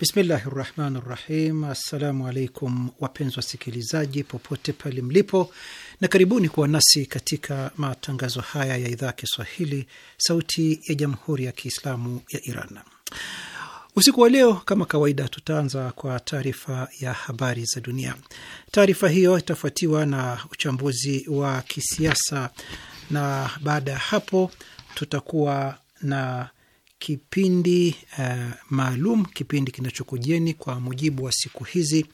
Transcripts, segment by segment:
Bismillahi rahmani rahim. Assalamu alaikum wapenzi wasikilizaji popote pale mlipo, na karibuni kuwa nasi katika matangazo haya ya idhaa Kiswahili sauti ya jamhuri ya Kiislamu ya Iran. Usiku wa leo kama kawaida, tutaanza kwa taarifa ya habari za dunia. Taarifa hiyo itafuatiwa na uchambuzi wa kisiasa, na baada ya hapo tutakuwa na kipindi uh, maalum, kipindi kinachokujeni kwa mujibu wa siku hizi,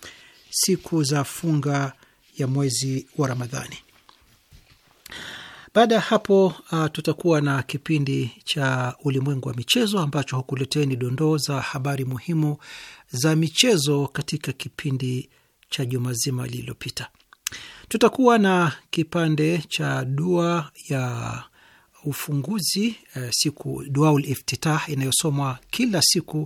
siku za funga ya mwezi wa Ramadhani. Baada ya hapo uh, tutakuwa na kipindi cha ulimwengu wa michezo ambacho hukuleteni dondoo za habari muhimu za michezo katika kipindi cha juma zima lililopita. Tutakuwa na kipande cha dua ya ufunguzi uh, siku duaul iftitah inayosomwa kila siku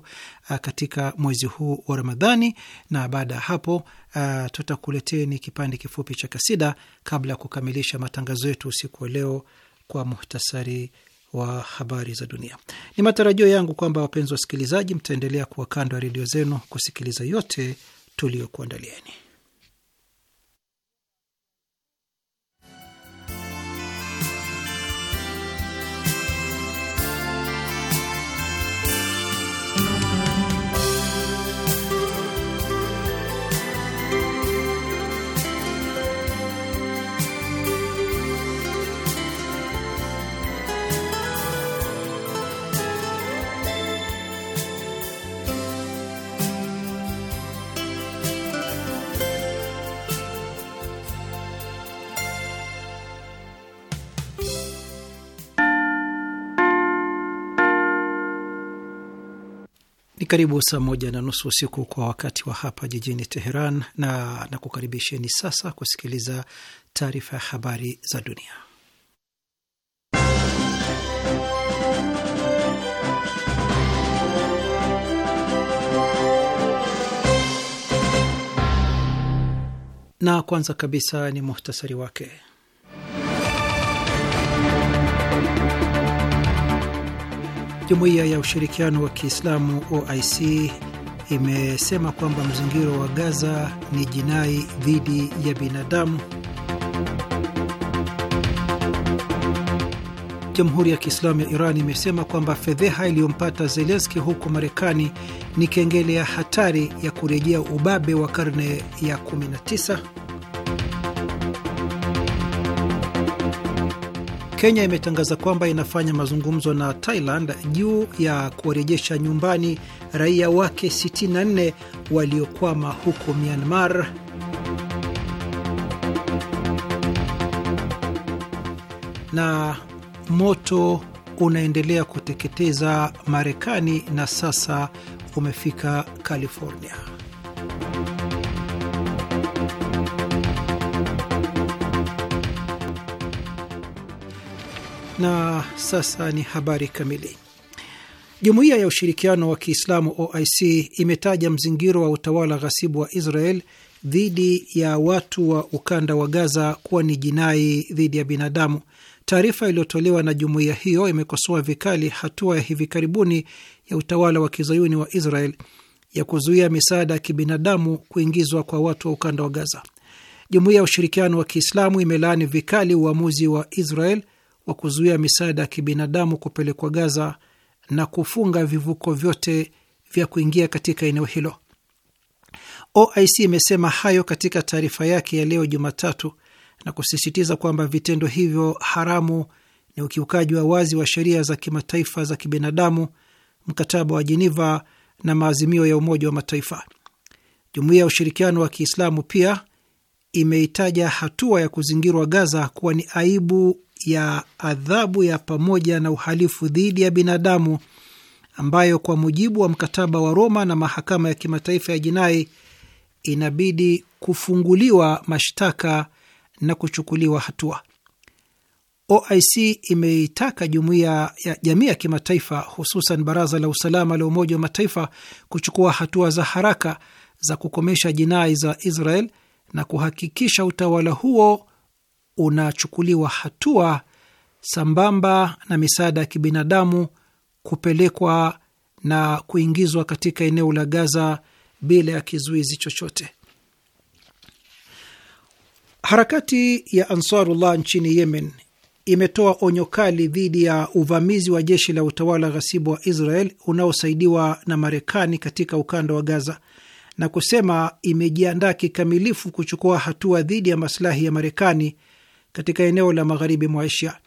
uh, katika mwezi huu wa Ramadhani, na baada ya hapo uh, tutakuleteni kipande kifupi cha kasida kabla ya kukamilisha matangazo yetu usiku wa leo kwa muhtasari wa habari za dunia. Ni matarajio yangu kwamba wapenzi wasikilizaji, mtaendelea kuwa kando ya redio zenu kusikiliza yote tuliyokuandalieni. karibu saa moja na nusu usiku kwa wakati wa hapa jijini Teheran, na nakukaribisheni sasa kusikiliza taarifa ya habari za dunia. Na kwanza kabisa ni muhtasari wake. Jumuiya ya Ushirikiano wa Kiislamu OIC imesema kwamba mzingiro wa Gaza ni jinai dhidi ya binadamu. Jamhuri ya Kiislamu ya Iran imesema kwamba fedheha iliyompata Zelenski huko Marekani ni kengele ya hatari ya kurejea ubabe wa karne ya 19. Kenya imetangaza kwamba inafanya mazungumzo na Thailand juu ya kuwarejesha nyumbani raia wake 64 waliokwama huko Myanmar. Na moto unaendelea kuteketeza Marekani na sasa umefika California. Na sasa ni habari kamili. Jumuiya ya Ushirikiano wa Kiislamu OIC imetaja mzingiro wa utawala ghasibu wa Israel dhidi ya watu wa ukanda wa Gaza kuwa ni jinai dhidi ya binadamu. Taarifa iliyotolewa na jumuiya hiyo imekosoa vikali hatua ya hivi karibuni ya utawala wa kizayuni wa Israel ya kuzuia misaada ya kibinadamu kuingizwa kwa watu wa ukanda wa Gaza. Jumuiya ya Ushirikiano wa Kiislamu imelaani vikali uamuzi wa Israel wa kuzuia misaada ya kibinadamu kupelekwa Gaza na kufunga vivuko vyote vya kuingia katika eneo hilo. OIC imesema hayo katika taarifa yake ya leo Jumatatu na kusisitiza kwamba vitendo hivyo haramu ni ukiukaji wa wazi wa sheria za kimataifa za kibinadamu, mkataba wa Jeniva na maazimio ya Umoja wa Mataifa. Jumuiya ya Ushirikiano wa Kiislamu pia imeitaja hatua ya kuzingirwa Gaza kuwa ni aibu ya adhabu ya pamoja na uhalifu dhidi ya binadamu ambayo kwa mujibu wa mkataba wa Roma na mahakama ya kimataifa ya jinai inabidi kufunguliwa mashtaka na kuchukuliwa hatua. OIC imeitaka jumuiya ya jamii ya kimataifa hususan Baraza la Usalama la Umoja wa Mataifa kuchukua hatua za haraka za kukomesha jinai za Israel na kuhakikisha utawala huo unachukuliwa hatua sambamba na misaada ya kibinadamu kupelekwa na kuingizwa katika eneo la Gaza bila ya kizuizi chochote. Harakati ya Ansarullah nchini Yemen imetoa onyo kali dhidi ya uvamizi wa jeshi la utawala ghasibu wa Israel unaosaidiwa na Marekani katika ukanda wa Gaza na kusema imejiandaa kikamilifu kuchukua hatua dhidi ya masilahi ya Marekani katika eneo la magharibi mwa Asia.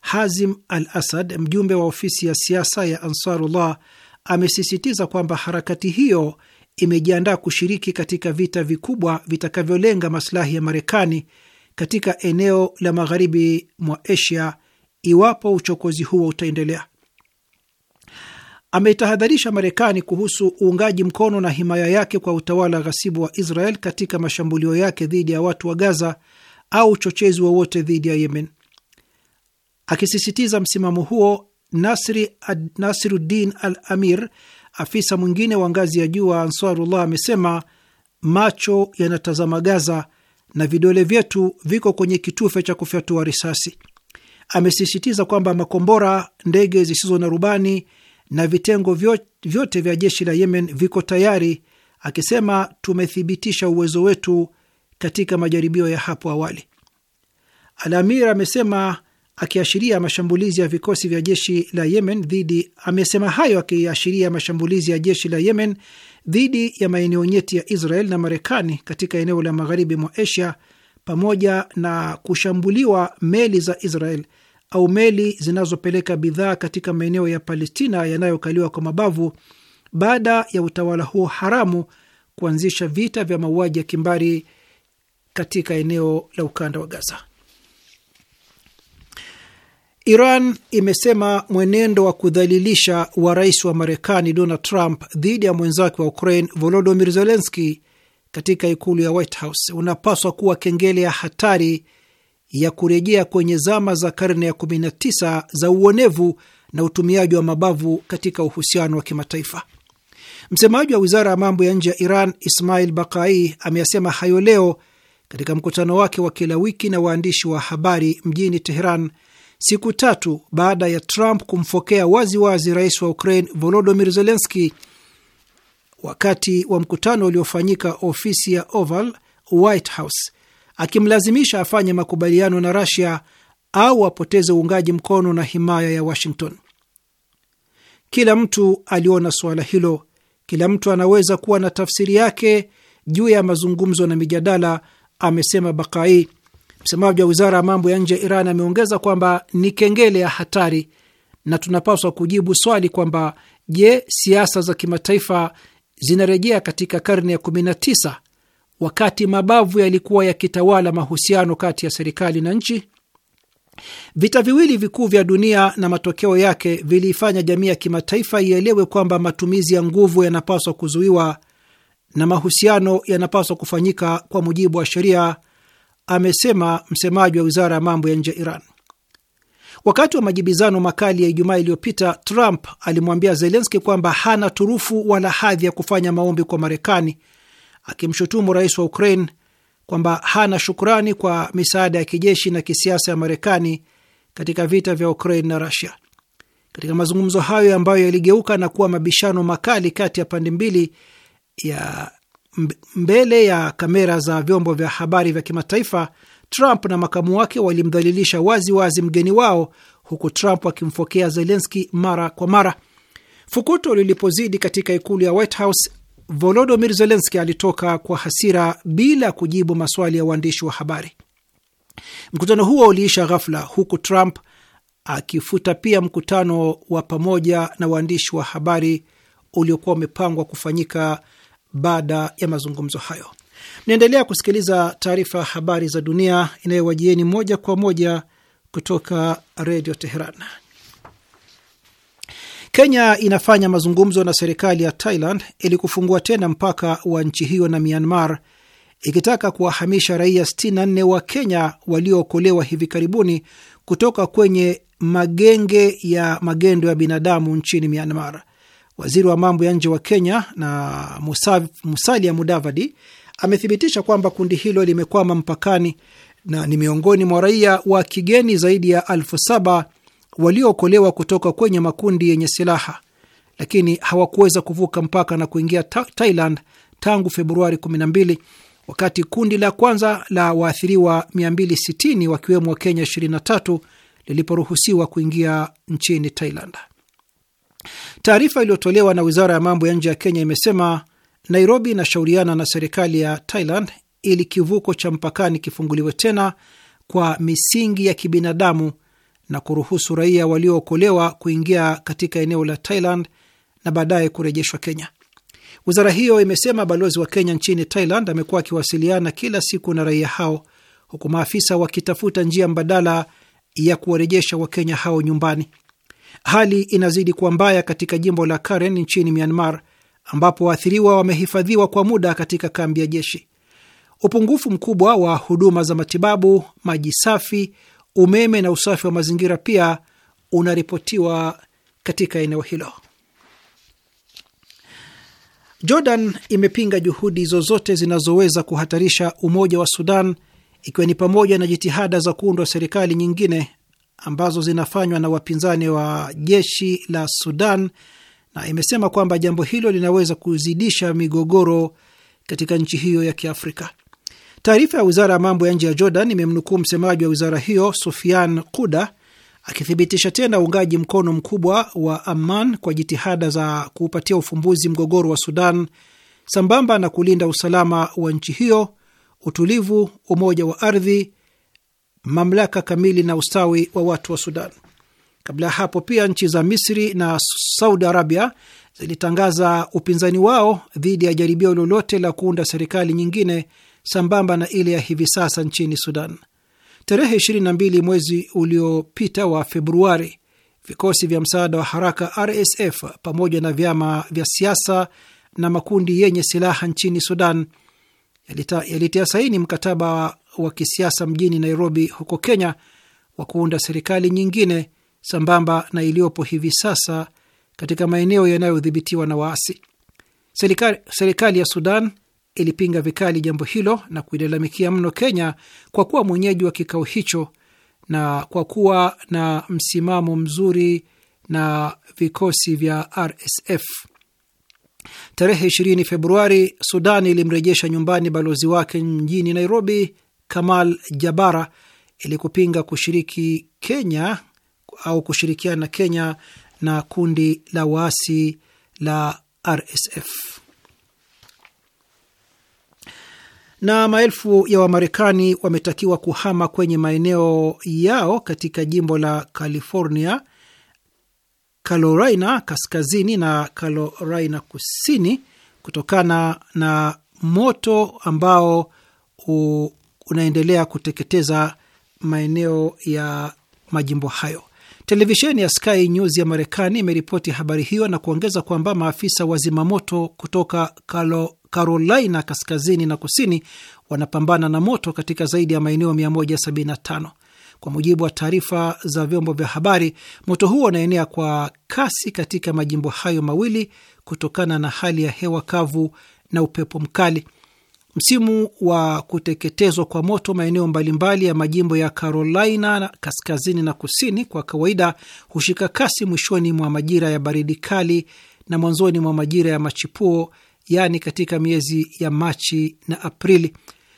Hazim al Asad, mjumbe wa ofisi ya siasa ya Ansarullah, amesisitiza kwamba harakati hiyo imejiandaa kushiriki katika vita vikubwa vitakavyolenga masilahi ya Marekani katika eneo la magharibi mwa Asia iwapo uchokozi huo utaendelea. Ametahadharisha Marekani kuhusu uungaji mkono na himaya yake kwa utawala ghasibu wa Israel katika mashambulio yake dhidi ya watu wa Gaza au uchochezi wowote dhidi ya Yemen. Akisisitiza msimamo huo, Nasri Nasiruddin Al Amir, afisa mwingine wa ngazi ya juu wa Ansarullah, amesema macho yanatazama Gaza na vidole vyetu viko kwenye kitufe cha kufyatua risasi. Amesisitiza kwamba makombora, ndege zisizo na rubani na vitengo vyote vya jeshi la Yemen viko tayari, akisema tumethibitisha uwezo wetu katika majaribio ya hapo awali. Alamir amesema akiashiria mashambulizi ya vikosi vya jeshi la Yemen dhidi amesema hayo akiashiria mashambulizi ya jeshi la Yemen dhidi ya maeneo nyeti ya Israel na Marekani katika eneo la magharibi mwa Asia pamoja na kushambuliwa meli za Israel au meli zinazopeleka bidhaa katika maeneo ya Palestina yanayokaliwa kwa mabavu baada ya utawala huo haramu kuanzisha vita vya mauaji ya kimbari katika eneo la ukanda wa Gaza. Iran imesema mwenendo wa kudhalilisha wa rais wa Marekani Donald Trump dhidi ya mwenzake wa Ukraine Volodymyr Zelensky katika ikulu ya White House unapaswa kuwa kengele ya hatari ya kurejea kwenye zama za karne ya 19 za uonevu na utumiaji wa mabavu katika uhusiano wa kimataifa. Msemaji wa wizara ya mambo ya nje ya Iran Ismail Bakai ameyasema hayo leo katika mkutano wake wa kila wiki na waandishi wa habari mjini Teheran siku tatu baada ya Trump kumfokea waziwazi rais wa Ukraine Volodymyr Zelensky wakati wa mkutano uliofanyika ofisi ya Oval, White House, akimlazimisha afanye makubaliano na Russia au apoteze uungaji mkono na himaya ya Washington. Kila mtu aliona suala hilo, kila mtu anaweza kuwa na tafsiri yake juu ya mazungumzo na mijadala amesema Bakai. Msemaji wa wizara ya mambo ya nje ya Iran ameongeza kwamba ni kengele ya hatari na tunapaswa kujibu swali kwamba je, siasa za kimataifa zinarejea katika karne ya 19 wakati mabavu yalikuwa yakitawala mahusiano kati ya serikali na nchi? Vita viwili vikuu vya dunia na matokeo yake viliifanya jamii ya kimataifa ielewe kwamba matumizi ya nguvu yanapaswa kuzuiwa na mahusiano yanapaswa kufanyika kwa mujibu wa sheria, amesema msemaji wa wizara ya mambo ya nje Iran. Wakati wa majibizano makali ya Ijumaa iliyopita, Trump alimwambia Zelenski kwamba hana turufu wala hadhi ya kufanya maombi kwa Marekani, akimshutumu rais wa Ukraine kwamba hana shukrani kwa misaada ya kijeshi na kisiasa ya Marekani katika vita vya Ukraine na Rusia. Katika mazungumzo hayo ambayo yaligeuka na kuwa mabishano makali kati ya pande mbili, ya mbele ya kamera za vyombo vya habari vya kimataifa, Trump na makamu wake walimdhalilisha wazi wazi mgeni wao, huku Trump akimfokea Zelenski mara kwa mara. Fukuto lilipozidi katika ikulu ya White House, Volodomir Zelenski alitoka kwa hasira bila kujibu maswali ya waandishi wa habari. Mkutano huo uliisha ghafla, huku Trump akifuta pia mkutano wa pamoja na waandishi wa habari uliokuwa umepangwa kufanyika baada ya mazungumzo hayo. Mnaendelea kusikiliza taarifa ya habari za dunia inayowajieni moja kwa moja kutoka redio Teheran. Kenya inafanya mazungumzo na serikali ya Thailand ili kufungua tena mpaka wa nchi hiyo na Myanmar, ikitaka kuwahamisha raia 64 wa Kenya waliookolewa hivi karibuni kutoka kwenye magenge ya magendo ya binadamu nchini Myanmar. Waziri wa mambo ya nje wa Kenya na Musalia Mudavadi amethibitisha kwamba kundi hilo limekwama mpakani na ni miongoni mwa raia wa kigeni zaidi ya elfu saba waliookolewa kutoka kwenye makundi yenye silaha, lakini hawakuweza kuvuka mpaka na kuingia ta Thailand tangu Februari 12 wakati kundi la kwanza la waathiriwa 260 wakiwemo Wakenya 23 liliporuhusiwa kuingia nchini Thailand. Taarifa iliyotolewa na wizara ya mambo ya nje ya Kenya imesema Nairobi inashauriana na serikali ya Thailand ili kivuko cha mpakani kifunguliwe tena kwa misingi ya kibinadamu na kuruhusu raia waliookolewa kuingia katika eneo la Thailand na baadaye kurejeshwa Kenya. Wizara hiyo imesema balozi wa Kenya nchini Thailand amekuwa akiwasiliana kila siku na raia hao, huku maafisa wakitafuta njia mbadala ya kuwarejesha Wakenya hao nyumbani. Hali inazidi kuwa mbaya katika jimbo la Karen nchini Myanmar, ambapo waathiriwa wamehifadhiwa kwa muda katika kambi ya jeshi. Upungufu mkubwa wa huduma za matibabu, maji safi, umeme na usafi wa mazingira pia unaripotiwa katika eneo hilo. Jordan imepinga juhudi zozote zinazoweza kuhatarisha umoja wa Sudan, ikiwa ni pamoja na jitihada za kuundwa serikali nyingine ambazo zinafanywa na wapinzani wa jeshi la Sudan, na imesema kwamba jambo hilo linaweza kuzidisha migogoro katika nchi hiyo ya Kiafrika. Taarifa ya wizara ya mambo ya nje ya Jordan imemnukuu msemaji wa wizara hiyo Sufian Kuda akithibitisha tena uungaji mkono mkubwa wa Amman kwa jitihada za kuupatia ufumbuzi mgogoro wa Sudan sambamba na kulinda usalama wa nchi hiyo, utulivu, umoja wa ardhi mamlaka kamili na ustawi wa watu wa Sudan. Kabla ya hapo pia nchi za Misri na Saudi Arabia zilitangaza upinzani wao dhidi ya jaribio lolote la kuunda serikali nyingine sambamba na ile ya hivi sasa nchini Sudan. Tarehe 22 mwezi uliopita wa Februari, vikosi vya msaada wa haraka RSF pamoja na vyama vya siasa na makundi yenye silaha nchini Sudan yalitia saini mkataba wa kisiasa mjini Nairobi huko Kenya wa kuunda serikali nyingine sambamba na iliyopo hivi sasa katika maeneo yanayodhibitiwa na waasi. Serikali, serikali ya Sudan ilipinga vikali jambo hilo na kuilalamikia mno Kenya kwa kuwa mwenyeji wa kikao hicho na kwa kuwa na msimamo mzuri na vikosi vya RSF. Tarehe 20 Februari, Sudan ilimrejesha nyumbani balozi wake mjini Nairobi Kamal Jabara ili kupinga kushiriki Kenya au kushirikiana Kenya na kundi la waasi la RSF. Na maelfu ya Wamarekani wametakiwa kuhama kwenye maeneo yao katika jimbo la California, Carolina kaskazini na Carolina kusini kutokana na moto ambao unaendelea kuteketeza maeneo ya majimbo hayo. Televisheni ya Sky News ya Marekani imeripoti habari hiyo na kuongeza kwamba maafisa wa zimamoto kutoka Kalo, Carolina kaskazini na kusini wanapambana na moto katika zaidi ya maeneo 175. Kwa mujibu wa taarifa za vyombo vya habari, moto huo unaenea kwa kasi katika majimbo hayo mawili kutokana na hali ya hewa kavu na upepo mkali. Msimu wa kuteketezwa kwa moto maeneo mbalimbali ya majimbo ya Carolina kaskazini na kusini kwa kawaida hushika kasi mwishoni mwa majira ya baridi kali na mwanzoni mwa majira ya machipuo, yaani katika miezi ya Machi na Aprili.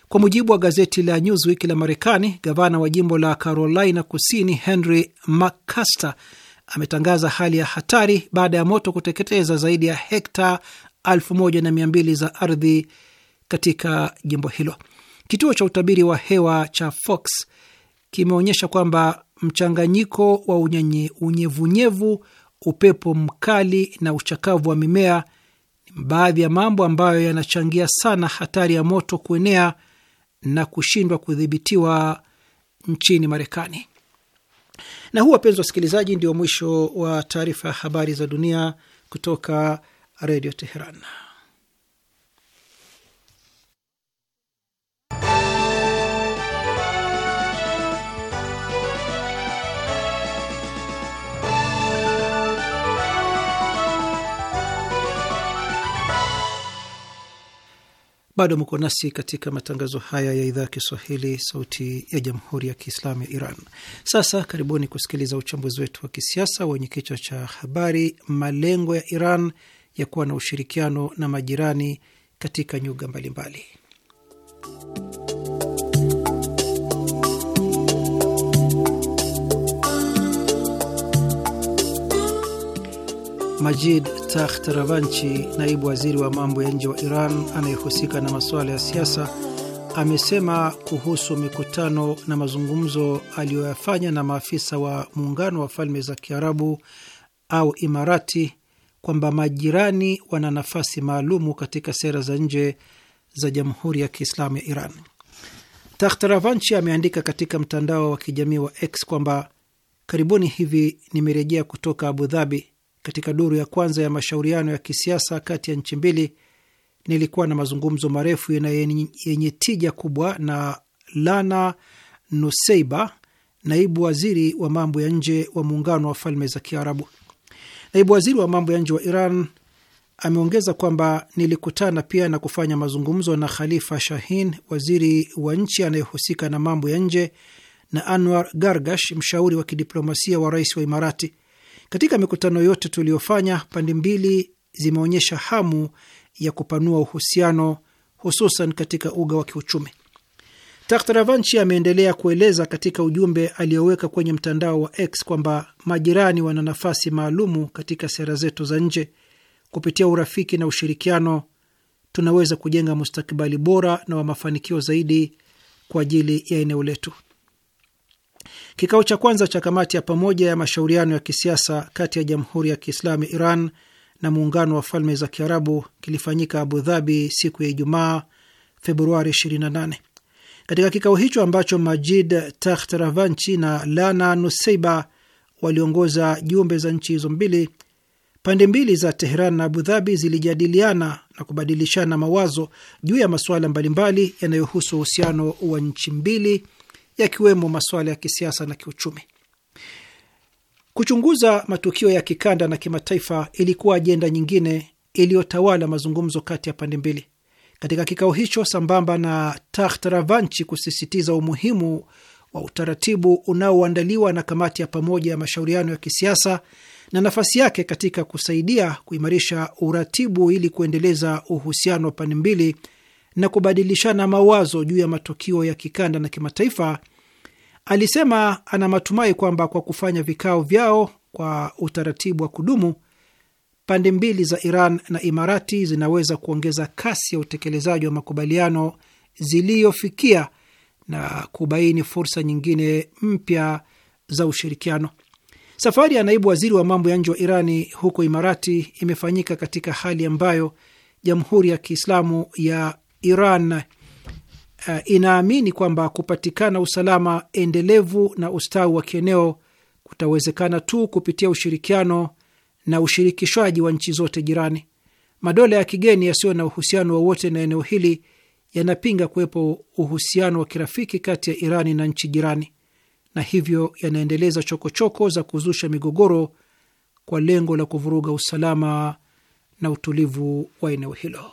Kwa mujibu wa gazeti la Newsweek la Marekani, gavana wa jimbo la Carolina kusini Henry McMaster ametangaza hali ya hatari baada ya moto kuteketeza zaidi ya hekta 1200 za ardhi katika jimbo hilo. Kituo cha utabiri wa hewa cha Fox kimeonyesha kwamba mchanganyiko wa unyevunyevu, upepo mkali na uchakavu wa mimea ni baadhi ya mambo ambayo yanachangia sana hatari ya moto kuenea na kushindwa kudhibitiwa nchini Marekani. Na huu, wapenzi wasikilizaji, ndio mwisho wa taarifa ya habari za dunia kutoka Redio Teheran. Bado mko nasi katika matangazo haya ya idhaa ya Kiswahili, sauti ya jamhuri ya kiislamu ya Iran. Sasa karibuni kusikiliza uchambuzi wetu wa kisiasa wenye kichwa cha habari, malengo ya Iran ya kuwa na ushirikiano na majirani katika nyuga mbalimbali mbali. Majid Takht Ravanchi, naibu waziri wa mambo ya nje wa Iran anayehusika na masuala ya siasa, amesema kuhusu mikutano na mazungumzo aliyoyafanya na maafisa wa Muungano wa Falme za Kiarabu au Imarati kwamba majirani wana nafasi maalumu katika sera za nje za Jamhuri ya Kiislamu ya Iran. tahtaravanchi ameandika katika mtandao wa kijamii wa X kwamba karibuni hivi nimerejea kutoka Abu Dhabi katika duru ya kwanza ya mashauriano ya kisiasa kati ya nchi mbili, nilikuwa na mazungumzo marefu na yenye tija kubwa na Lana Nuseiba, naibu waziri wa mambo ya nje wa Muungano wa Falme za Kiarabu. Naibu waziri wa mambo ya nje wa Iran ameongeza kwamba nilikutana pia na kufanya mazungumzo na Khalifa Shahin, waziri wa nchi anayehusika na mambo ya nje, na Anwar Gargash, mshauri wa kidiplomasia wa rais wa Imarati. Katika mikutano yote tuliyofanya, pande mbili zimeonyesha hamu ya kupanua uhusiano, hususan katika uga wa kiuchumi. Takhtaravanchi ameendelea kueleza katika ujumbe aliyoweka kwenye mtandao wa X kwamba majirani wana nafasi maalumu katika sera zetu za nje. Kupitia urafiki na ushirikiano, tunaweza kujenga mustakabali bora na wa mafanikio zaidi kwa ajili ya eneo letu. Kikao cha kwanza cha kamati ya pamoja ya mashauriano ya kisiasa kati ya Jamhuri ya Kiislamu Iran na Muungano wa Falme za Kiarabu kilifanyika Abu Dhabi siku ya Ijumaa, Februari 28. Katika kikao hicho ambacho Majid Takht Ravanchi na Lana Nuseiba waliongoza jumbe za nchi hizo mbili, pande mbili za Teheran na Abu Dhabi zilijadiliana na kubadilishana mawazo juu ya masuala mbalimbali yanayohusu uhusiano wa nchi mbili yakiwemo masuala ya kisiasa na kiuchumi. Kuchunguza matukio ya kikanda na kimataifa ilikuwa ajenda nyingine iliyotawala mazungumzo kati ya pande mbili katika kikao hicho, sambamba na Taht-Ravanchi kusisitiza umuhimu wa utaratibu unaoandaliwa na kamati ya pamoja ya mashauriano ya kisiasa na nafasi yake katika kusaidia kuimarisha uratibu ili kuendeleza uhusiano wa pande mbili na kubadilishana mawazo juu ya matukio ya kikanda na kimataifa Alisema ana matumai kwamba kwa kufanya vikao vyao kwa utaratibu wa kudumu, pande mbili za Iran na Imarati zinaweza kuongeza kasi ya utekelezaji wa makubaliano ziliyofikia na kubaini fursa nyingine mpya za ushirikiano. Safari ya naibu waziri wa mambo ya nje wa Irani huko Imarati imefanyika katika hali ambayo Jamhuri ya Kiislamu ya Iran uh, inaamini kwamba kupatikana usalama endelevu na ustawi wa kieneo kutawezekana tu kupitia ushirikiano na ushirikishwaji wa nchi zote jirani. Madola ya kigeni yasiyo na uhusiano wowote na eneo hili yanapinga kuwepo uhusiano wa kirafiki kati ya Irani na nchi jirani, na hivyo yanaendeleza chokochoko za kuzusha migogoro kwa lengo la kuvuruga usalama na utulivu wa eneo hilo.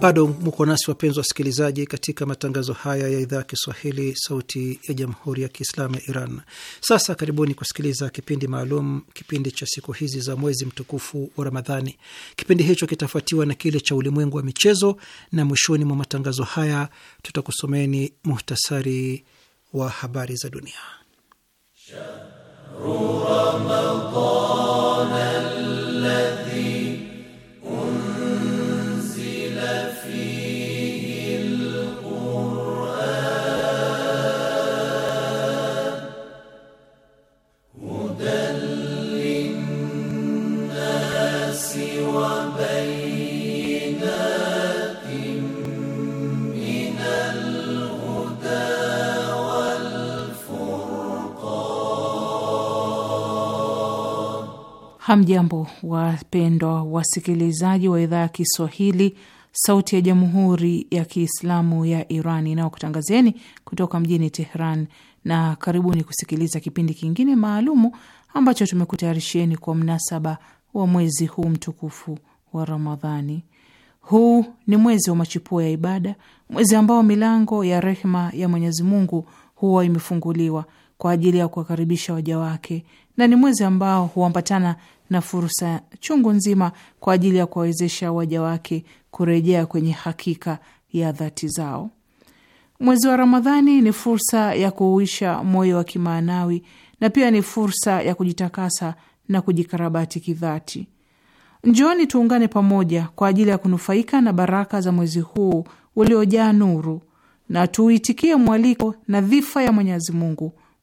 Bado mko nasi wapenzi wasikilizaji, katika matangazo haya ya idhaa ya Kiswahili, sauti ya jamhuri ya kiislamu ya Iran. Sasa karibuni kusikiliza kipindi maalum, kipindi cha siku hizi za mwezi mtukufu wa Ramadhani. Kipindi hicho kitafuatiwa na kile cha ulimwengu wa michezo, na mwishoni mwa matangazo haya tutakusomeni muhtasari wa habari za dunia. Shahru Hamjambo, wapendwa wasikilizaji wa idhaa ya Kiswahili, Sauti ya Jamhuri ya Kiislamu ya Iran inayokutangazieni kutoka mjini Tehran, na karibuni kusikiliza kipindi kingine maalumu ambacho tumekutayarishieni kwa mnasaba wa mwezi huu mtukufu wa Ramadhani. Huu ni mwezi wa machipuo ya ibada, mwezi ambao milango ya rehma ya Mwenyezi Mungu huwa imefunguliwa kwa ajili ya kuwakaribisha waja wake, na ni mwezi ambao huambatana na fursa chungu nzima kwa ajili ya kuwawezesha waja wake kurejea kwenye hakika ya dhati zao. Mwezi wa Ramadhani ni fursa ya kuuisha moyo wa kimaanawi na pia ni fursa ya kujitakasa na kujikarabati kidhati. Njooni tuungane pamoja kwa ajili ya kunufaika na baraka za mwezi huu uliojaa nuru, na tuuitikie mwaliko na dhifa ya Mwenyezi Mungu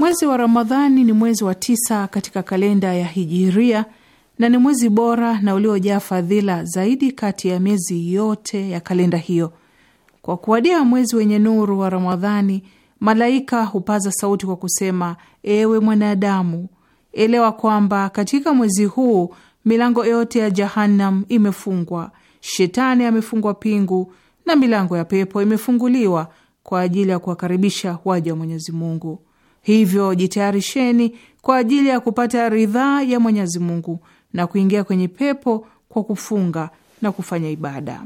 Mwezi wa Ramadhani ni mwezi wa tisa katika kalenda ya Hijiria na ni mwezi bora na uliojaa fadhila zaidi kati ya miezi yote ya kalenda hiyo. Kwa kuwadia mwezi wenye nuru wa Ramadhani, malaika hupaza sauti kwa kusema: ewe mwanadamu, elewa kwamba katika mwezi huu milango yote ya Jahannam imefungwa, shetani amefungwa pingu na milango ya pepo imefunguliwa kwa ajili ya kuwakaribisha waja wa Mwenyezi Mungu. Hivyo jitayarisheni kwa ajili ya kupata ridhaa ya Mwenyezi Mungu na kuingia kwenye pepo kwa kufunga na kufanya ibada.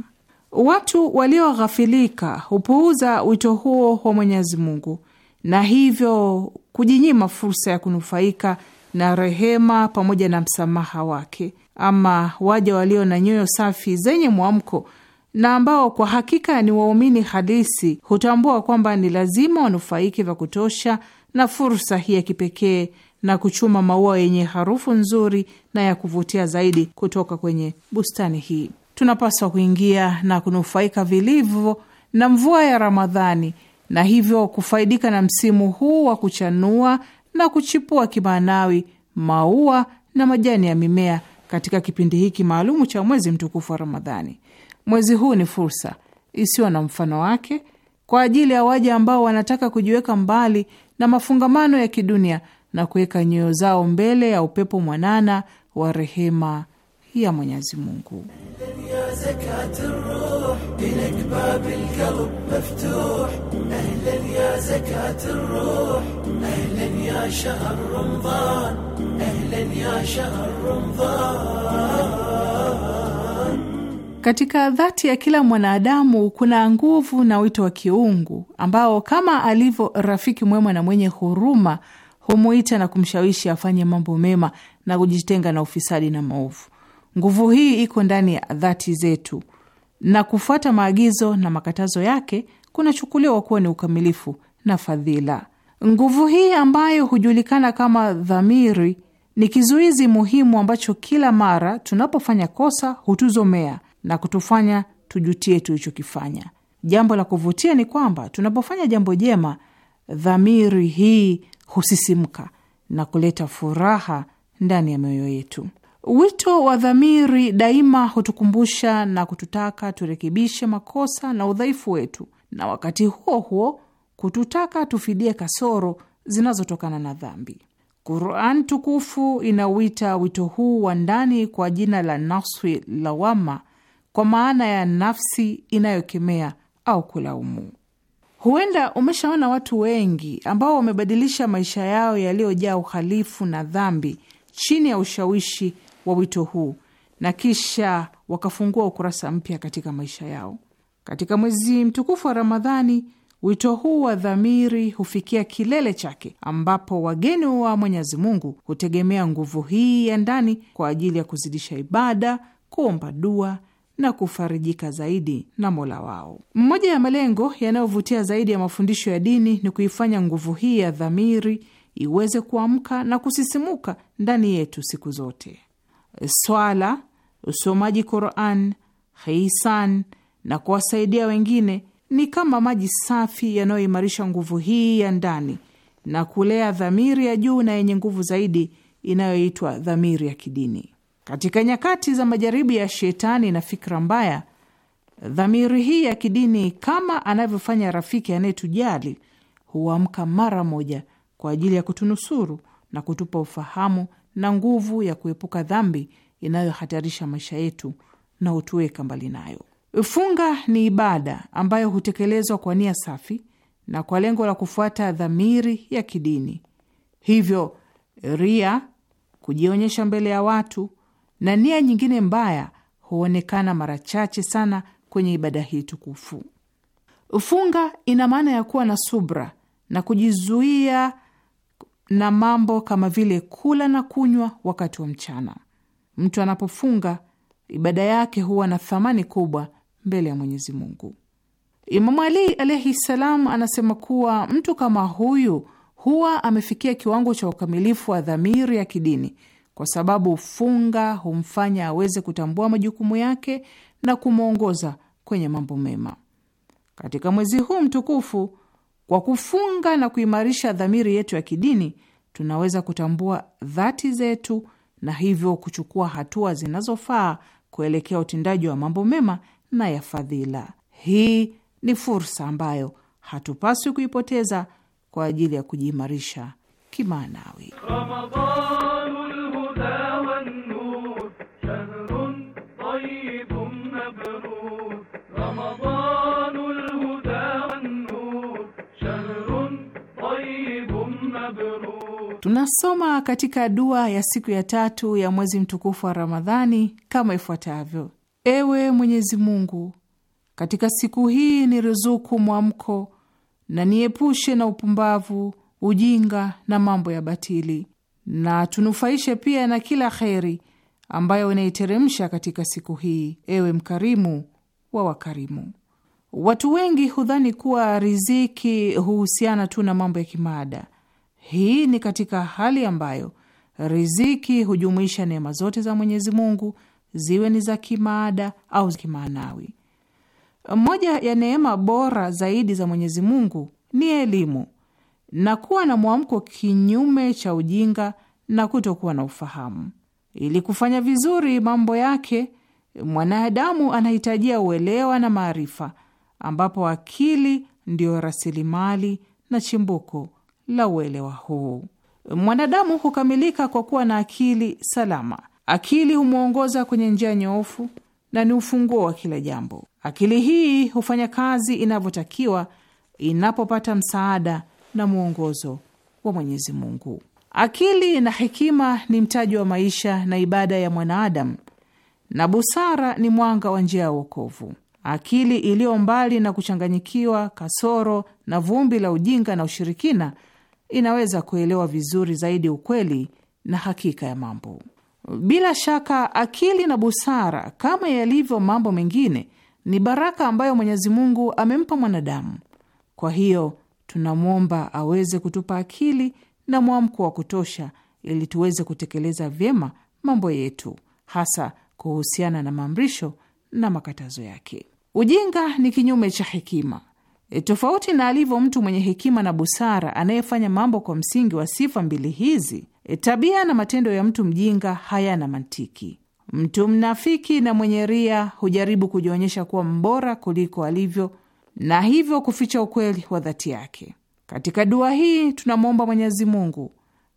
Watu walioghafilika hupuuza wito huo wa Mwenyezi Mungu na hivyo kujinyima fursa ya kunufaika na rehema pamoja na msamaha wake. Ama waja walio na nyoyo safi zenye mwamko na ambao kwa hakika ni waumini halisi hutambua kwamba ni lazima wanufaike vya kutosha na fursa hii ya kipekee na kuchuma maua yenye harufu nzuri na ya kuvutia zaidi kutoka kwenye bustani hii. Tunapaswa kuingia na kunufaika vilivyo na mvua ya Ramadhani na hivyo kufaidika na msimu huu wa kuchanua na kuchipua kimaanawi maua na majani ya mimea katika kipindi hiki maalumu cha mwezi mtukufu wa Ramadhani. Mwezi huu ni fursa isiyo na mfano wake kwa ajili ya waja ambao wanataka kujiweka mbali na mafungamano ya kidunia na kuweka nyoyo zao mbele ya upepo mwanana wa rehema ya Mwenyezi Mungu. Katika dhati ya kila mwanadamu kuna nguvu na wito wa kiungu ambao kama alivyo rafiki mwema na mwenye huruma humuita na kumshawishi afanye mambo mema na kujitenga na ufisadi na maovu. Nguvu hii iko ndani ya dhati zetu na kufuata maagizo na makatazo yake kunachukuliwa kuwa ni ukamilifu na fadhila. Nguvu hii ambayo hujulikana kama dhamiri ni kizuizi muhimu ambacho kila mara tunapofanya kosa hutuzomea na kutufanya tujutie tulichokifanya. Jambo la kuvutia ni kwamba tunapofanya jambo jema, dhamiri hii husisimka na kuleta furaha ndani ya mioyo yetu. Wito wa dhamiri daima hutukumbusha na kututaka turekebishe makosa na udhaifu wetu, na wakati huo huo kututaka tufidie kasoro zinazotokana na dhambi. Quran tukufu inauita wito huu wa ndani kwa jina la naswi lawama, kwa maana ya nafsi inayokemea au kulaumu. Huenda umeshaona watu wengi ambao wamebadilisha maisha yao yaliyojaa uhalifu na dhambi chini ya ushawishi wa wito huu na kisha wakafungua ukurasa mpya katika maisha yao. Katika mwezi mtukufu wa Ramadhani, wito huu wa dhamiri hufikia kilele chake, ambapo wageni wa Mwenyezi Mungu hutegemea nguvu hii ya ndani kwa ajili ya kuzidisha ibada, kuomba dua na kufarijika zaidi na Mola wao. Mmoja ya malengo yanayovutia zaidi ya mafundisho ya dini ni kuifanya nguvu hii ya dhamiri iweze kuamka na kusisimuka ndani yetu siku zote. Swala, usomaji Quran, hisan na kuwasaidia wengine ni kama maji safi yanayoimarisha nguvu hii ya ndani na kulea dhamiri ya juu na yenye nguvu zaidi inayoitwa dhamiri ya kidini. Katika nyakati za majaribu ya shetani na fikra mbaya, dhamiri hii ya kidini, kama anavyofanya rafiki anayetujali, huamka mara moja kwa ajili ya kutunusuru na kutupa ufahamu na nguvu ya kuepuka dhambi inayohatarisha maisha yetu na hutuweka mbali nayo. Funga ni ibada ambayo hutekelezwa kwa nia safi na kwa lengo la kufuata dhamiri ya kidini. Hivyo ria, kujionyesha mbele ya watu, na nia nyingine mbaya huonekana mara chache sana kwenye ibada hii tukufu. Funga ina maana ya kuwa na subra na kujizuia na mambo kama vile kula na kunywa wakati wa mchana. Mtu anapofunga ibada yake huwa na thamani kubwa mbele ya Mwenyezi Mungu. Imamu Ali alaihi salam anasema kuwa mtu kama huyu huwa amefikia kiwango cha ukamilifu wa dhamiri ya kidini kwa sababu funga humfanya aweze kutambua majukumu yake na kumwongoza kwenye mambo mema. Katika mwezi huu mtukufu, kwa kufunga na kuimarisha dhamiri yetu ya kidini, tunaweza kutambua dhati zetu na hivyo kuchukua hatua zinazofaa kuelekea utendaji wa mambo mema na ya fadhila. Hii ni fursa ambayo hatupaswi kuipoteza kwa ajili ya kujiimarisha kimaanawi. Ramadhanu. Tunasoma katika dua ya siku ya tatu ya mwezi mtukufu wa Ramadhani kama ifuatavyo: Ewe Mwenyezi Mungu, katika siku hii ni ruzuku mwamko na niepushe na upumbavu, ujinga na mambo ya batili, na tunufaishe pia na kila kheri ambayo inaiteremsha katika siku hii, ewe mkarimu wa wakarimu. Watu wengi hudhani kuwa riziki huhusiana tu na mambo ya kimaada hii ni katika hali ambayo riziki hujumuisha neema zote za Mwenyezi Mungu, ziwe ni za kimaada au kimaanawi. Moja ya neema bora zaidi za Mwenyezi Mungu ni elimu na kuwa na mwamko kinyume cha ujinga na kutokuwa na ufahamu. Ili kufanya vizuri mambo yake, mwanadamu anahitajia uelewa na maarifa, ambapo akili ndiyo rasilimali na chimbuko la uelewa huu. Mwanadamu hukamilika kwa kuwa na akili salama. Akili humwongoza kwenye njia nyoofu na ni ufunguo wa kila jambo. Akili hii hufanya kazi inavyotakiwa inapopata msaada na mwongozo wa Mwenyezi Mungu. Akili na hekima ni mtaji wa maisha na ibada ya mwanaadamu, na busara ni mwanga wa njia ya uokovu. Akili iliyo mbali na kuchanganyikiwa, kasoro na vumbi la ujinga na ushirikina inaweza kuelewa vizuri zaidi ukweli na hakika ya mambo. Bila shaka, akili na busara, kama yalivyo mambo mengine, ni baraka ambayo Mwenyezi Mungu amempa mwanadamu. Kwa hiyo tunamwomba aweze kutupa akili na mwamko wa kutosha ili tuweze kutekeleza vyema mambo yetu, hasa kuhusiana na maamrisho na makatazo yake. Ujinga ni kinyume cha hekima, E, tofauti na alivyo mtu mwenye hekima na busara anayefanya mambo kwa msingi wa sifa mbili hizi, e, tabia na matendo ya mtu mjinga hayana mantiki. Mtu mnafiki na mwenye ria hujaribu kujionyesha kuwa mbora kuliko alivyo, na hivyo kuficha ukweli wa dhati yake. Katika dua hii tunamwomba Mwenyezi Mungu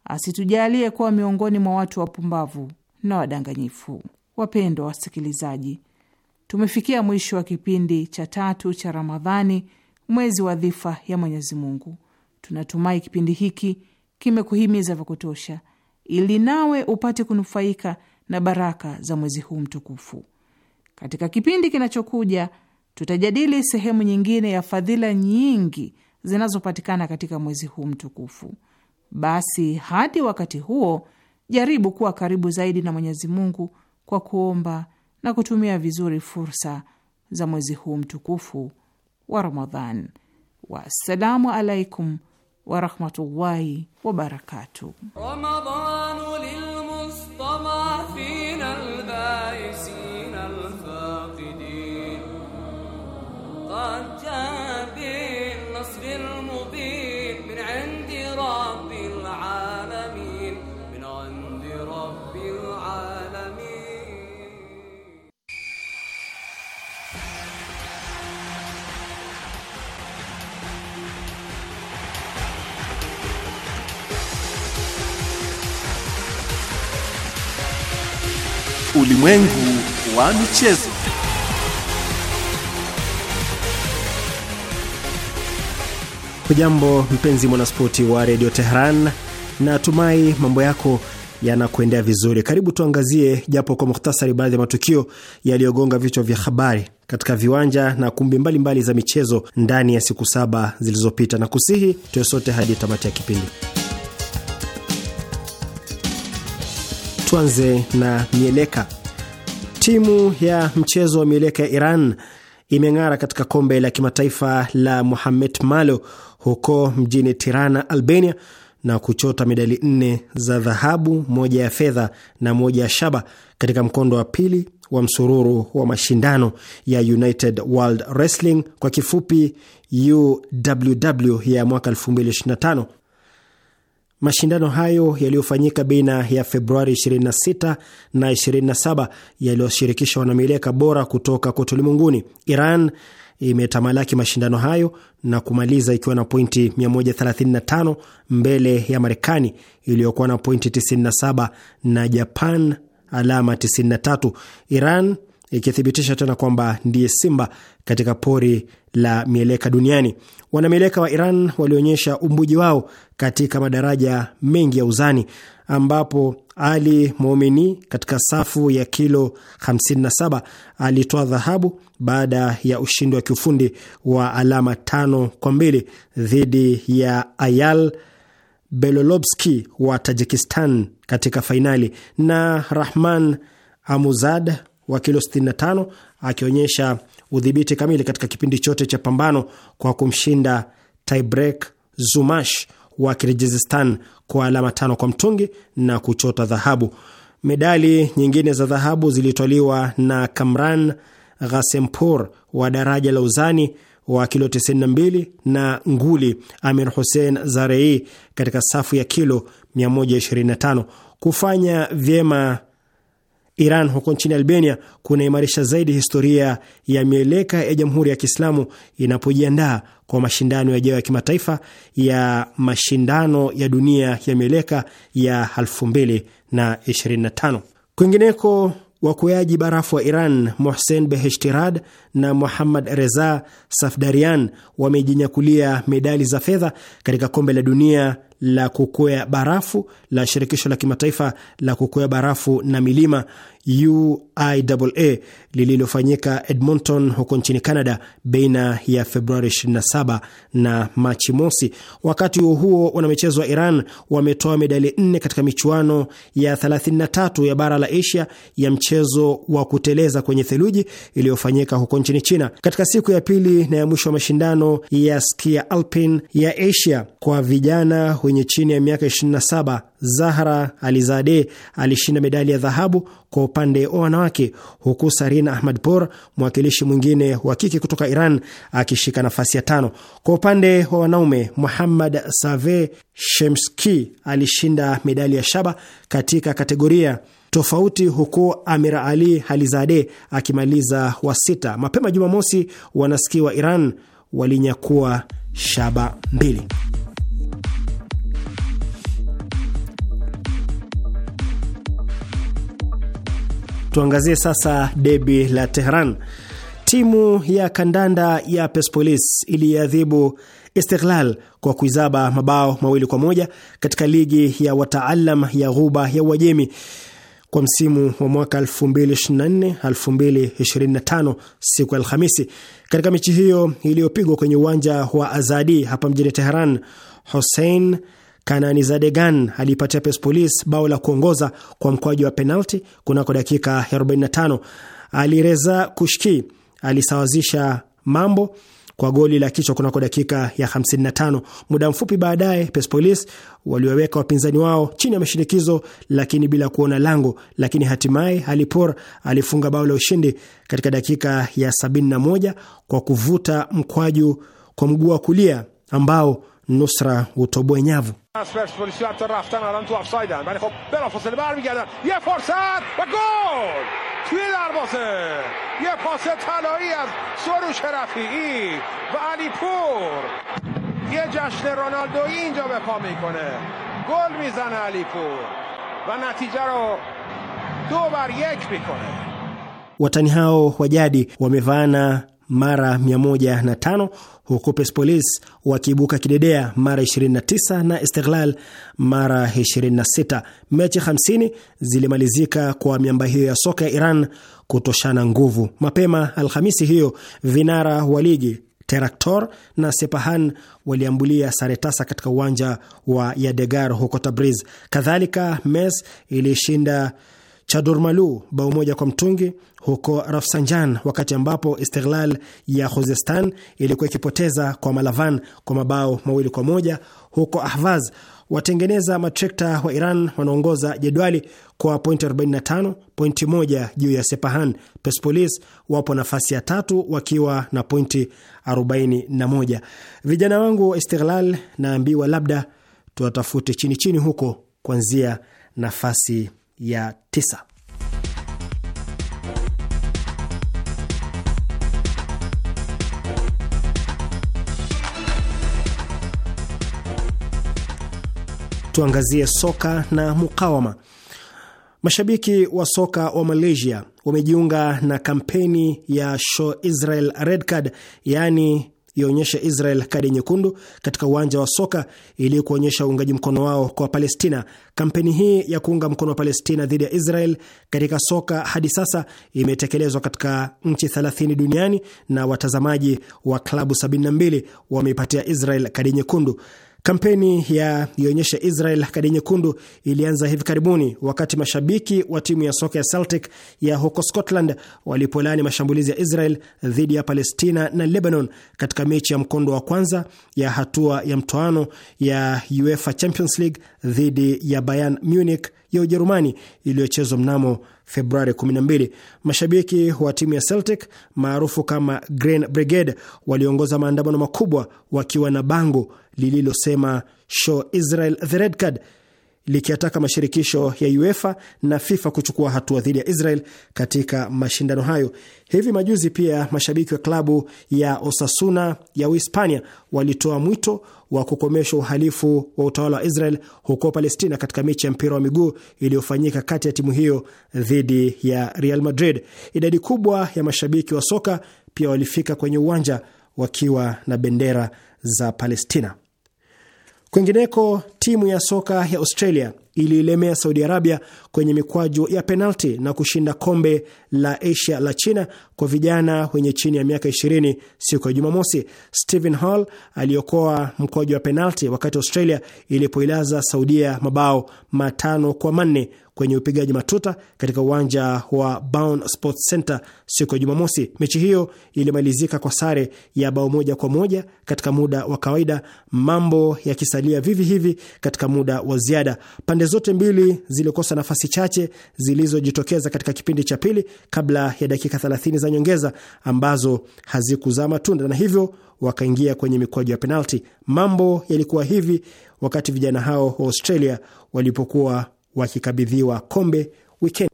asitujalie kuwa miongoni mwa watu wapumbavu na wadanganyifu. Wapendwa wasikilizaji, tumefikia mwisho wa kipindi cha tatu cha Ramadhani mwezi wa dhifa ya Mwenyezi Mungu. Tunatumai kipindi hiki kimekuhimiza vya kutosha, ili nawe upate kunufaika na baraka za mwezi huu mtukufu. Katika kipindi kinachokuja, tutajadili sehemu nyingine ya fadhila nyingi zinazopatikana katika mwezi huu mtukufu. Basi hadi wakati huo, jaribu kuwa karibu zaidi na Mwenyezi Mungu kwa kuomba na kutumia vizuri fursa za mwezi huu mtukufu ورمضان والسلام عليكم ورحمة الله وبركاته رمضان لله Ulimwengu wa michezo. Hujambo mpenzi mwanaspoti wa redio Teheran, na tumai mambo yako yanakuendea vizuri. Karibu tuangazie japo kwa muhtasari baadhi ya matukio yaliyogonga vichwa vya habari katika viwanja na kumbi mbalimbali mbali za michezo ndani ya siku saba zilizopita, na kusihi tuwe sote hadi tamati ya kipindi. Tuanze na mieleka. Timu ya mchezo wa mieleka ya Iran imeng'ara katika kombe la kimataifa la muhamed Malo huko mjini Tirana, Albania, na kuchota medali nne za dhahabu, moja ya fedha na moja ya shaba katika mkondo wa pili wa msururu wa mashindano ya United World Wrestling, kwa kifupi UWW, ya mwaka Mashindano hayo yaliyofanyika baina ya Februari 26 na 27 yaliyoshirikisha wanamieleka bora kutoka kote ulimwenguni. Iran imetamalaki mashindano hayo na kumaliza ikiwa na pointi 135 mbele ya Marekani iliyokuwa na pointi 97 na Japan alama 93. Iran ikithibitisha tena kwamba ndiye simba katika pori la mieleka duniani. Wanamieleka wa Iran walionyesha umbuji wao katika madaraja mengi ya uzani, ambapo Ali Momini katika safu ya kilo 57 alitoa dhahabu baada ya ushindi wa kiufundi wa alama tano kwa mbili dhidi ya Ayal Belolobski wa Tajikistan katika fainali na Rahman Amuzad wa kilo 65 akionyesha udhibiti kamili katika kipindi chote cha pambano kwa kumshinda tiebreak Zumash wa Kirgizistan kwa alama tano kwa mtungi na kuchota dhahabu. Medali nyingine za dhahabu zilitwaliwa na Kamran Ghasempur wa daraja la uzani wa kilo 92 na nguli Amir Hussein Zarei katika safu ya kilo 125. Kufanya vyema Iran huko nchini Albania kunaimarisha zaidi historia ya mieleka ya Jamhuri ya Kiislamu inapojiandaa kwa mashindano yajayo ya kimataifa ya mashindano ya dunia ya mieleka ya 2025. Kwingineko, wakuaji barafu wa Iran Mohsen Beheshtirad na Muhammad Reza Safdarian wamejinyakulia medali za fedha katika kombe la dunia la kukwea barafu la shirikisho la kimataifa la kukwea barafu na milima UIAA lililofanyika Edmonton huko nchini Canada baina ya Februari 27 na Machi mosi. Wakati huo huo, wanamichezo wa Iran wametoa medali nne katika michuano ya 33 ya bara la Asia ya mchezo wa kuteleza kwenye theluji iliyofanyika huko nchini China. Katika siku ya pili na ya mwisho wa mashindano ya skia alpin ya Asia kwa vijana wenye chini ya miaka 27 Zahra Alizade alishinda medali ya dhahabu kwa upande wa wanawake, huku Sarin Ahmadpour, mwakilishi mwingine wa kike kutoka Iran, akishika nafasi ya tano. Kwa upande wa wanaume, Muhammad Save Shemski alishinda medali ya shaba katika kategoria tofauti huku Amira Ali Halizade akimaliza wa sita. Mapema Jumamosi, wanaski wa Iran walinyakua shaba mbili. Tuangazie sasa debi la Tehran. Timu ya kandanda ya Persepolis iliadhibu Istiklal kwa kuizaba mabao mawili kwa moja katika ligi ya wataalam ya Ghuba ya Uajemi kwa msimu wa mwaka 2024 2025 siku ya Alhamisi. Katika mechi hiyo iliyopigwa kwenye uwanja wa Azadi hapa mjini Teheran, Hussein Kanani Zadegan alipatia Persepolis bao la kuongoza kwa mkwaji wa penalti kunako dakika 45. Alireza Kushki alisawazisha mambo kwa goli la kichwa kunako dakika ya 55. Muda mfupi baadaye, Persepolis walioweka wapinzani wao chini ya mashinikizo, lakini bila kuona lango. Lakini hatimaye Alipor alifunga bao la ushindi katika dakika ya 71 kwa kuvuta mkwaju kwa mguu wa kulia ambao توبو اوتوبو اسپرس پلیسی پلیسیاتون رفتن الان تو افسایدن ولی خب بر برمیگردن یه فرصت و گل توی دروازه یه پاس طلایی از سروش رفیعی و علی پور یه جشن رونالدو اینجا به پا میکنه گل میزنه علی پور و نتیجه رو دو بر یک میکنه watani هاو وجادی jadi wamevaana mara 105 huku Persepolis wakiibuka kidedea mara 29 na Istiklal mara 26. Mechi 50 zilimalizika kwa miamba hiyo ya soka ya Iran kutoshana nguvu. Mapema Alhamisi hiyo vinara wa ligi Teraktor na Sepahan waliambulia sare tasa katika uwanja wa Yadegar huko Tabriz. Kadhalika, Mes ilishinda chadurmalu bao moja kwa mtungi huko Rafsanjan, wakati ambapo Istiklal ya Khuzestan ilikuwa ikipoteza kwa Malavan kwa mabao mawili kwa moja huko Ahvaz. Watengeneza matrekta wa Iran wanaongoza jedwali kwa pointi 45, pointi moja juu ya Sepahan. Persepolis wapo nafasi ya tatu wakiwa na pointi 41. Vijana wangu wa Istiklal naambiwa labda tuwatafute chini chini huko kuanzia nafasi ya tisa. Tuangazie soka na mukawama. Mashabiki wa soka wa Malaysia wamejiunga na kampeni ya Show Israel Red Card, yaani ionyeshe Israel kadi nyekundu katika uwanja wa soka ili kuonyesha uungaji mkono wao kwa Palestina. Kampeni hii ya kuunga mkono wa Palestina dhidi ya Israel katika soka hadi sasa imetekelezwa katika nchi 30 duniani na watazamaji wa klabu 72 wameipatia Israel kadi nyekundu. Kampeni ya ionyesha Israel kadi nyekundu ilianza hivi karibuni wakati mashabiki wa timu ya soka ya Celtic ya huko Scotland walipolaani mashambulizi ya Israel dhidi ya Palestina na Lebanon katika mechi ya mkondo wa kwanza ya hatua ya mtoano ya UEFA Champions League dhidi ya Bayern Munich ya Ujerumani iliyochezwa mnamo Februari 12. Mashabiki wa timu ya Celtic maarufu kama Green Brigade waliongoza maandamano makubwa wakiwa na bango lililosema show Israel the red card likiyataka mashirikisho ya UEFA na FIFA kuchukua hatua dhidi ya Israel katika mashindano hayo. Hivi majuzi pia mashabiki wa klabu ya Osasuna ya Uhispania walitoa mwito wa kukomesha uhalifu wa utawala wa Israel huko Palestina katika mechi ya mpira wa miguu iliyofanyika kati ya timu hiyo dhidi ya Real Madrid. Idadi kubwa ya mashabiki wa soka pia walifika kwenye uwanja wakiwa na bendera za Palestina. Kwingineko, timu ya soka ya Australia iliilemea Saudi Arabia kwenye mikwaju ya penalti na kushinda kombe la Asia la China kwa vijana wenye chini ya miaka 20 siku ya Jumamosi. Stephen Hall aliokoa mkwaju wa penalti wakati Australia ilipoilaza Saudia mabao matano kwa manne kwenye upigaji matuta katika uwanja wa Bound Sports Center siku ya Jumamosi. Mechi hiyo ilimalizika kwa sare ya bao moja kwa moja katika muda wa kawaida, mambo yakisalia vivi hivi katika muda wa ziada pande zote mbili zilikosa nafasi chache zilizojitokeza katika kipindi cha pili kabla ya dakika 30 za nyongeza ambazo hazikuzaa matunda na hivyo wakaingia kwenye mikwaju ya penalti. Mambo yalikuwa hivi wakati vijana hao wa Australia walipokuwa wakikabidhiwa kombe wikendi.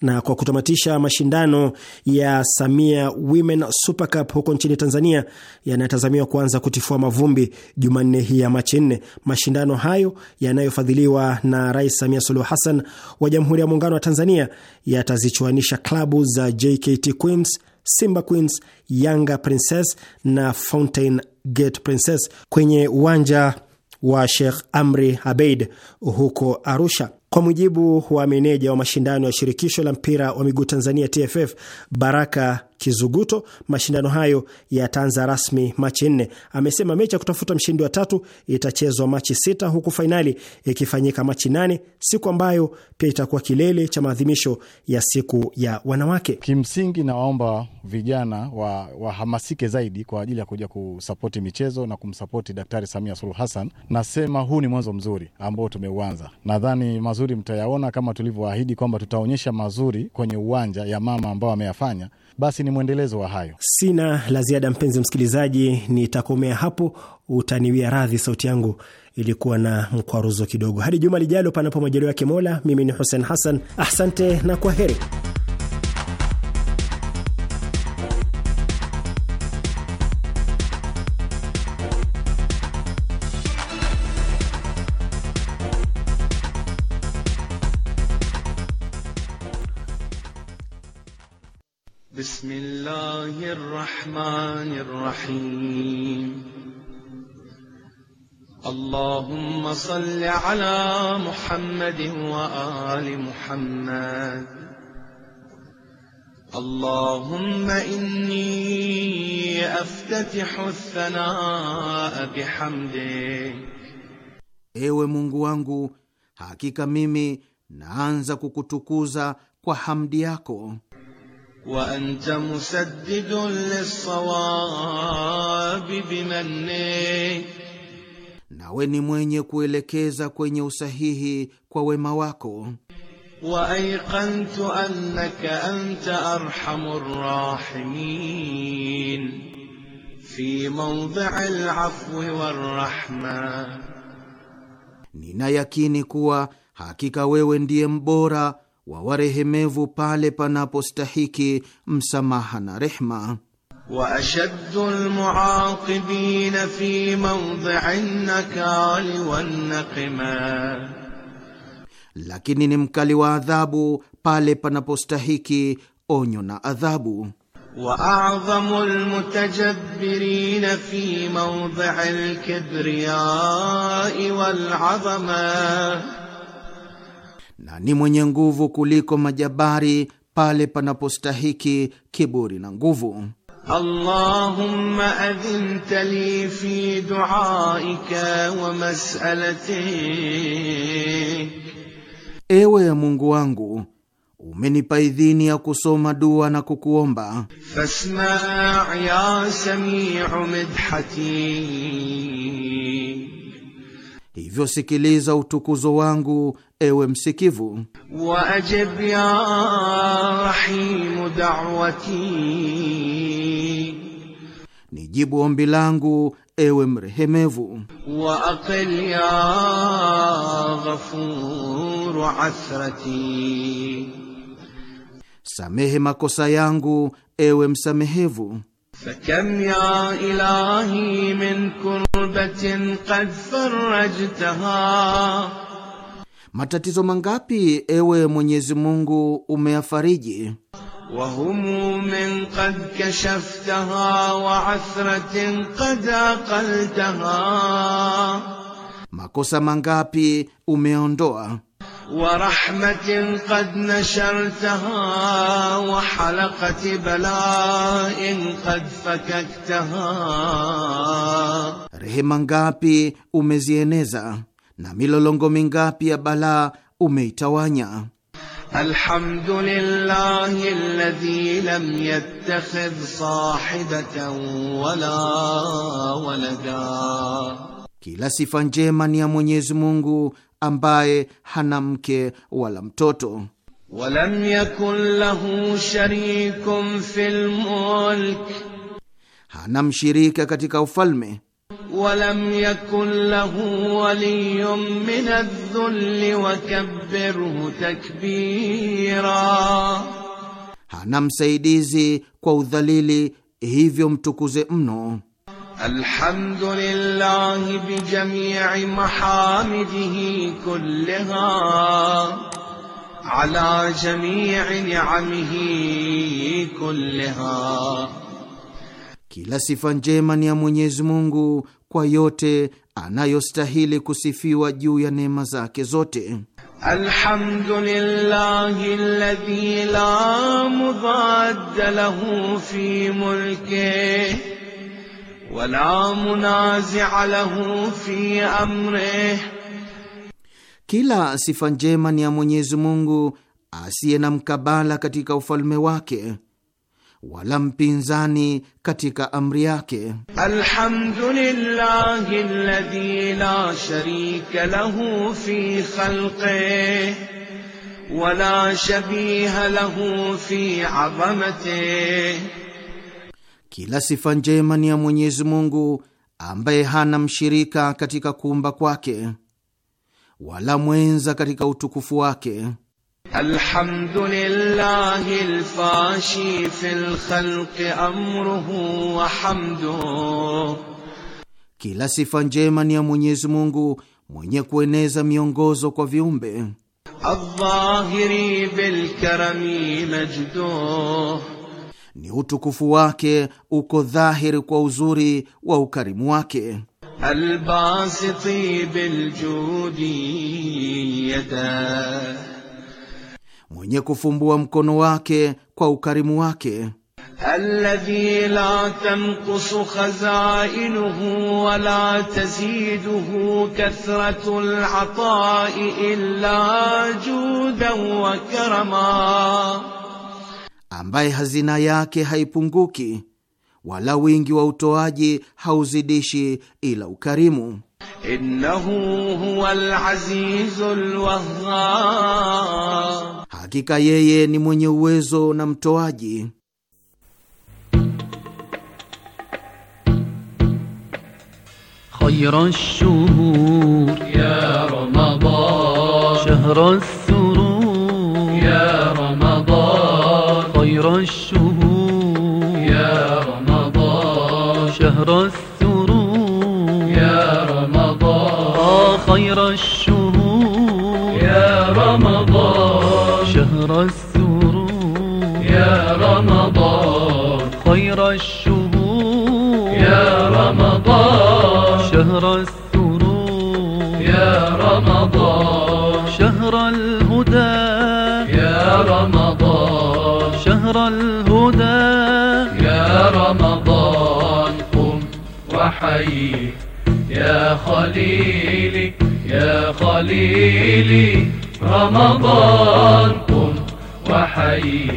Na kwa kutamatisha mashindano ya Samia Women Super Cup huko nchini Tanzania yanatazamiwa kuanza kutifua mavumbi Jumanne hii ya Machi nne. Mashindano hayo yanayofadhiliwa na Rais Samia Suluhu Hassan wa Jamhuri ya Muungano wa Tanzania yatazichuanisha klabu za JKT Queens, Simba Queens, Yanga Princess na Fountain Gate Princess kwenye uwanja wa Sheikh Amri Abeid huko Arusha. Kwa mujibu wa meneja wa mashindano ya shirikisho la mpira wa miguu Tanzania TFF Baraka Kizuguto. Mashindano hayo yataanza rasmi Machi nne. Amesema mechi ya kutafuta mshindi wa tatu itachezwa Machi sita, huku fainali ikifanyika Machi nane, siku ambayo pia itakuwa kilele cha maadhimisho ya siku ya wanawake. Kimsingi nawaomba vijana wahamasike wa zaidi kwa ajili ya kuja kusapoti michezo na kumsapoti Daktari Samia Suluhu Hassan. Nasema huu ni mwanzo mzuri ambao tumeuanza, nadhani mazuri mtayaona kama tulivyoahidi kwamba tutaonyesha mazuri kwenye uwanja ya mama ambao ameyafanya basi ni mwendelezo wa hayo. Sina la ziada, mpenzi msikilizaji, nitakomea hapo. Utaniwia radhi, sauti yangu ilikuwa na mkwaruzo kidogo. Hadi juma lijalo, panapo majaliwa yake mimi ni Hussein Hassan, asante na kwa heri. الرحمن الرحيم اللهم صل على محمد وآل محمد اللهم إني أفتتح الثناء بحمدك Ewe Mungu wangu, hakika mimi naanza kukutukuza kwa hamdi yako. وأنت مسدد للصواب بمنك nawe ni mwenye kuelekeza kwenye usahihi kwa wema wako. wa waaiqantu annaka anta arhamu rrahimin fi mawdii alafwi warrahma, nina yakini kuwa hakika wewe ndiye mbora wawarehemevu pale panapostahiki msamaha na rehma. وأشد المعاقبين في موضع النكال والنقما, lakini ni mkali wa adhabu pale panapostahiki onyo na adhabu. وأعظم المتجبرين في موضع الكبرياء والعظمة na ni mwenye nguvu kuliko majabari pale panapostahiki kiburi na nguvu. Allahumma adhinta li fi duaika wa ewe ya Mungu wangu umenipa idhini ya kusoma dua na kukuomba. Fasma ya samiu midhati hivyo sikiliza utukuzo wangu, ewe msikivu. Waajib ya rahimu dawati, nijibu ombi langu, ewe mrehemevu. Waaqil ya ghafuru asrati, samehe makosa yangu, ewe msamehevu. فكم يا إلهي من كربة قد فرجتها Matatizo mangapi ewe Mwenyezi Mungu umeyafariji, wahumin qad kashaftaha wa athratin qad aqaltaha, makosa mangapi umeondoa ورحمة قد نشرتها وحلقة بلاء قد فككتها Rehema ngapi umezieneza na milolongo mingapi ya balaa umeitawanya. Alhamdulillahi alladhi lam yattakhidh sahibatan wala walada, kila sifa njema ni ya Mwenyezi Mungu ambaye hana mke wala mtoto. walam yakun lahu sharikun fil mulk, hana mshirika katika ufalme. walam yakun lahu min adh-dhulli takbira, hana msaidizi kwa udhalili, hivyo mtukuze mno. الحمد لله بجميع محامده كلها على جميع نعمه كلها كلا sifa njema يا ya Mwenyezi Mungu kwa yote anayostahili kusifiwa juu ya neema zake zote. Alhamdulillahi alladhi la mudadda lahu fi mulkihi ولا منازع له في امره kila sifa njema ni ya Mwenyezi Mungu asiye na mkabala katika ufalme wake wala mpinzani katika amri yake. Alhamdulillahi alladhi la sharika lahu fi khalqi wala shabiha lahu fi azamati kila sifa njema ni ya Mwenyezi Mungu ambaye hana mshirika katika kuumba kwake wala mwenza katika utukufu wake. fil khalqi amruhu wa kila sifa njema ni ya Mwenyezi Mungu mwenye kueneza miongozo kwa viumbe. majduh ni utukufu wake uko dhahiri kwa uzuri wa ukarimu wake. mwenye kufumbua mkono wake kwa ukarimu wake. Alladhi la tanqusu khazainuhu wa la taziduhu kathratul illa judan wa karama ambaye hazina yake haipunguki wala wingi wa utoaji hauzidishi ila ukarimu. Innahu huwal azizul wahhab, hakika yeye ni mwenye uwezo na mtoaji. Khayra shuhur ya Ramadan, surur ya Ramadan شهر الشهور يا رمضان شهر السرور يا رمضان آه خير الشهور يا رمضان شهر السرور يا رمضان خير الشهور يا رمضان شهر السرور يا رمضان شهر الهدى يا رمضان شهر الهدى يا رمضان قم وحي يا خليلي يا خليلي رمضان قم وحي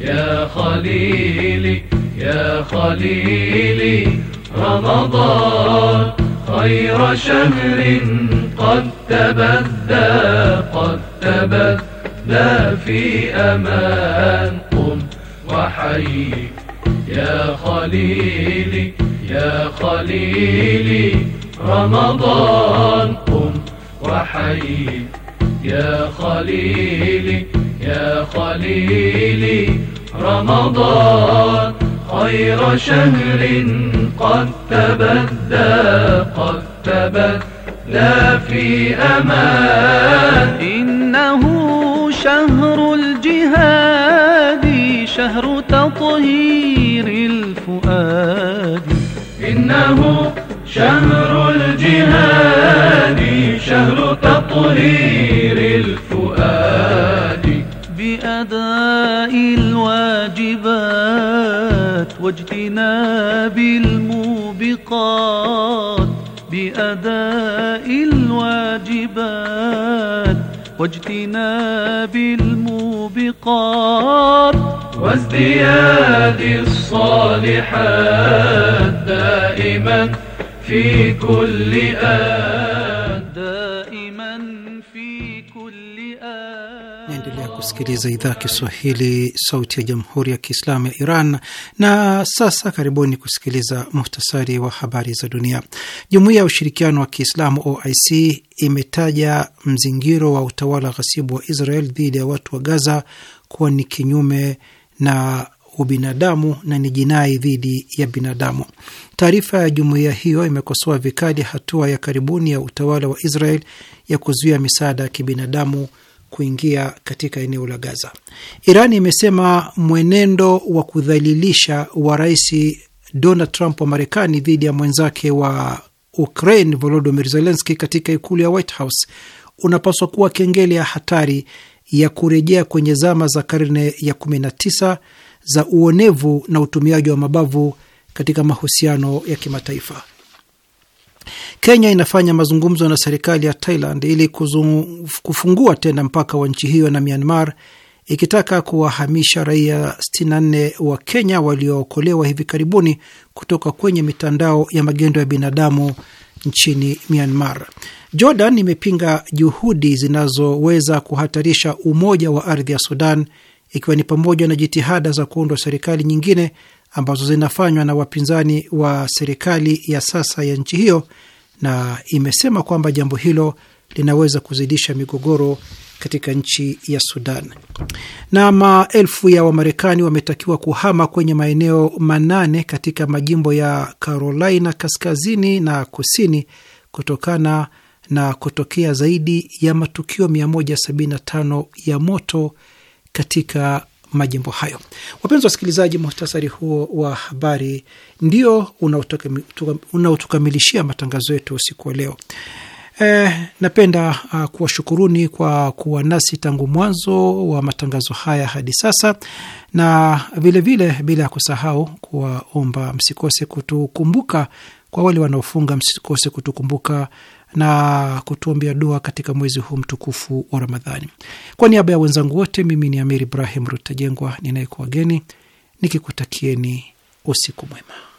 يا خليلي يا خليلي رمضان خير شهر قد تبدى قد تبدى في أمان حي يا خليلي يا خليلي رمضان قم وحي يا خليلي يا خليلي رمضان خير شهر قد تبدى قد تبدى في أمان إنه شهر الجهاد تطهير الفؤاد إنه شهر الجهاد شهر تطهير الفؤاد بأداء الواجبات واجتناب الموبقات بأداء الواجبات واجتناب الموبقات وازدياد الصالحات دائما في كل آن دائما في كل آن Naendelea kusikiliza idhaa Kiswahili sauti ya Jamhuri ya Kiislamu ya Iran. Na sasa karibuni kusikiliza muhtasari wa habari za dunia. Jumuiya ya Ushirikiano wa Kiislamu OIC imetaja mzingiro wa utawala ghasibu wa Israel dhidi ya watu wa Gaza kuwa ni kinyume na ubinadamu na ni jinai dhidi ya binadamu. Taarifa ya jumuiya hiyo imekosoa vikali hatua ya karibuni ya utawala wa Israel ya kuzuia misaada ya kibinadamu kuingia katika eneo la Gaza. iran imesema mwenendo wa kudhalilisha wa Rais Donald Trump wa Marekani dhidi ya mwenzake wa Ukraine Volodymyr Zelensky katika ikulu ya White House unapaswa kuwa kengele ya hatari ya kurejea kwenye zama za karne ya 19 za uonevu na utumiaji wa mabavu katika mahusiano ya kimataifa. Kenya inafanya mazungumzo na serikali ya Thailand ili kufungua tena mpaka wa nchi hiyo na Myanmar, ikitaka kuwahamisha raia 64 wa Kenya waliookolewa hivi karibuni kutoka kwenye mitandao ya magendo ya binadamu nchini Myanmar. Jordan imepinga juhudi zinazoweza kuhatarisha umoja wa ardhi ya Sudan, ikiwa ni pamoja na jitihada za kuundwa serikali nyingine ambazo zinafanywa na wapinzani wa serikali ya sasa ya nchi hiyo, na imesema kwamba jambo hilo linaweza kuzidisha migogoro katika nchi ya Sudan. Na maelfu ya Wamarekani wametakiwa kuhama kwenye maeneo manane katika majimbo ya Carolina kaskazini na kusini kutokana na kutokea zaidi ya matukio 175 ya moto katika majimbo hayo. Wapenzi wasikilizaji, muhtasari huo wa habari ndio unaotukamilishia matangazo yetu usiku wa leo. Eh, napenda uh, kuwashukuruni kwa kuwa nasi tangu mwanzo wa matangazo haya hadi sasa, na vilevile bila ya kusahau kuwaomba msikose kutukumbuka, kwa wale wanaofunga msikose kutukumbuka na kutuombea dua katika mwezi huu mtukufu wa Ramadhani. Kwa niaba ya wenzangu wote, mimi ni Amir Ibrahim Rutajengwa ninayekuwageni nikikutakieni usiku mwema.